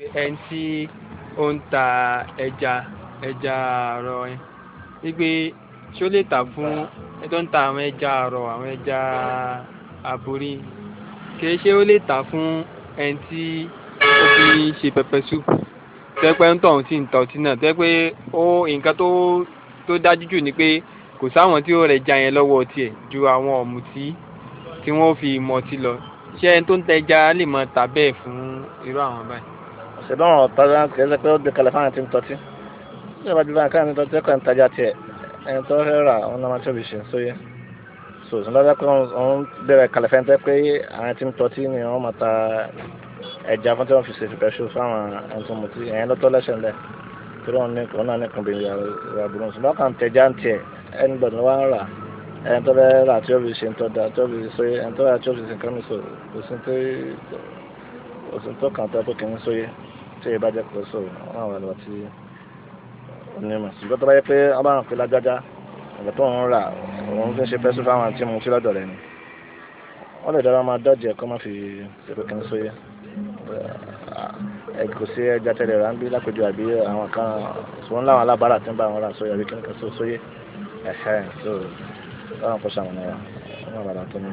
ẹni tí ó ń ta ẹja ẹja àrọ̀ yẹn wípé ṣé ó lè tà fún ẹni tó ń ta àwọn ẹja àrọ̀ àwọn ẹja àbórí kìí ṣé ó lè tà fún ẹni tí ó fi ń ṣe pẹpẹ soup tẹ́pẹ́ ń tọ̀hún sí ìtọ̀ náà tẹ́pẹ́ ó nǹkan tó tó dájú jù ni pé kò sáwọn tí ó rẹ̀ ja yẹn lọ́wọ́ tiẹ̀ ju àwọn ọ̀mùtí tí wọ́n fi mọ̀ ti lọ ṣé ẹni tó ń tẹja lè máa tà bẹ́ẹ̀ fún irú àwọn báyìí ṣẹ̀bá wọn ọ̀tajà kẹsẹ̀ pé ó gbé kalẹ̀ fáwọn tí ń tọ́tí ṣé ìbájú bá nǹkan tó tẹ́kọ̀ọ́ ń tajà tiẹ̀ ẹni tó fẹ́ rà wọn náà máa tóbi ṣe sóye so ìsúnlọ́dọ̀ pé òun bẹ̀rẹ̀ kalẹ̀ fẹ́ tẹ́ pé àwọn tí ń tọ́tí ni wọ́n máa ta ẹja fún tí wọ́n fi ṣe fìfẹ́ ṣó fáwọn ẹni tó mutí ẹ̀yẹn ló tọ́ lẹ́sẹ̀ lẹ̀ tó lóun ní òun náà ní kan bèèrè àbúrò ìsúnlọ́dọ̀ kan tẹja ń tiẹ̀ ẹni gbọ̀dọ̀ wá ń rà ẹni tó bẹ́ẹ̀ rà tí ó fi ṣe ń tọ́ da tó fi ṣe ẹni tó rà tí ó fi ṣe nǹkan mi sọ òsì tó kàn tó pé kì í sóye tí ẹ bá jẹ́ pé so àwọn àwọn ẹlẹ́wọ̀n tí onímọ̀ ṣùgbọ́n tó bá yẹ pé ọlọ́run pé lágbájá ẹ̀gbẹ́ tó ń rà òun fi ń ṣe fẹ́sùn fáwọn tí mo fi lọ́dọ̀ rẹ̀ ni wọ́n lè dára máa dọ́jì ẹ̀kọ́ má fi ṣèpè kí n sóye ẹ kò sí ẹja tẹ̀lé rà ń bí lápẹjọ àbí àwọn kan wọn láwọn alábàárà tí ń bá àwọn rà sóye àbí kí n kà sí sóye ẹ̀hẹ́ so láwọn kò ṣàmùnà wà wọ́n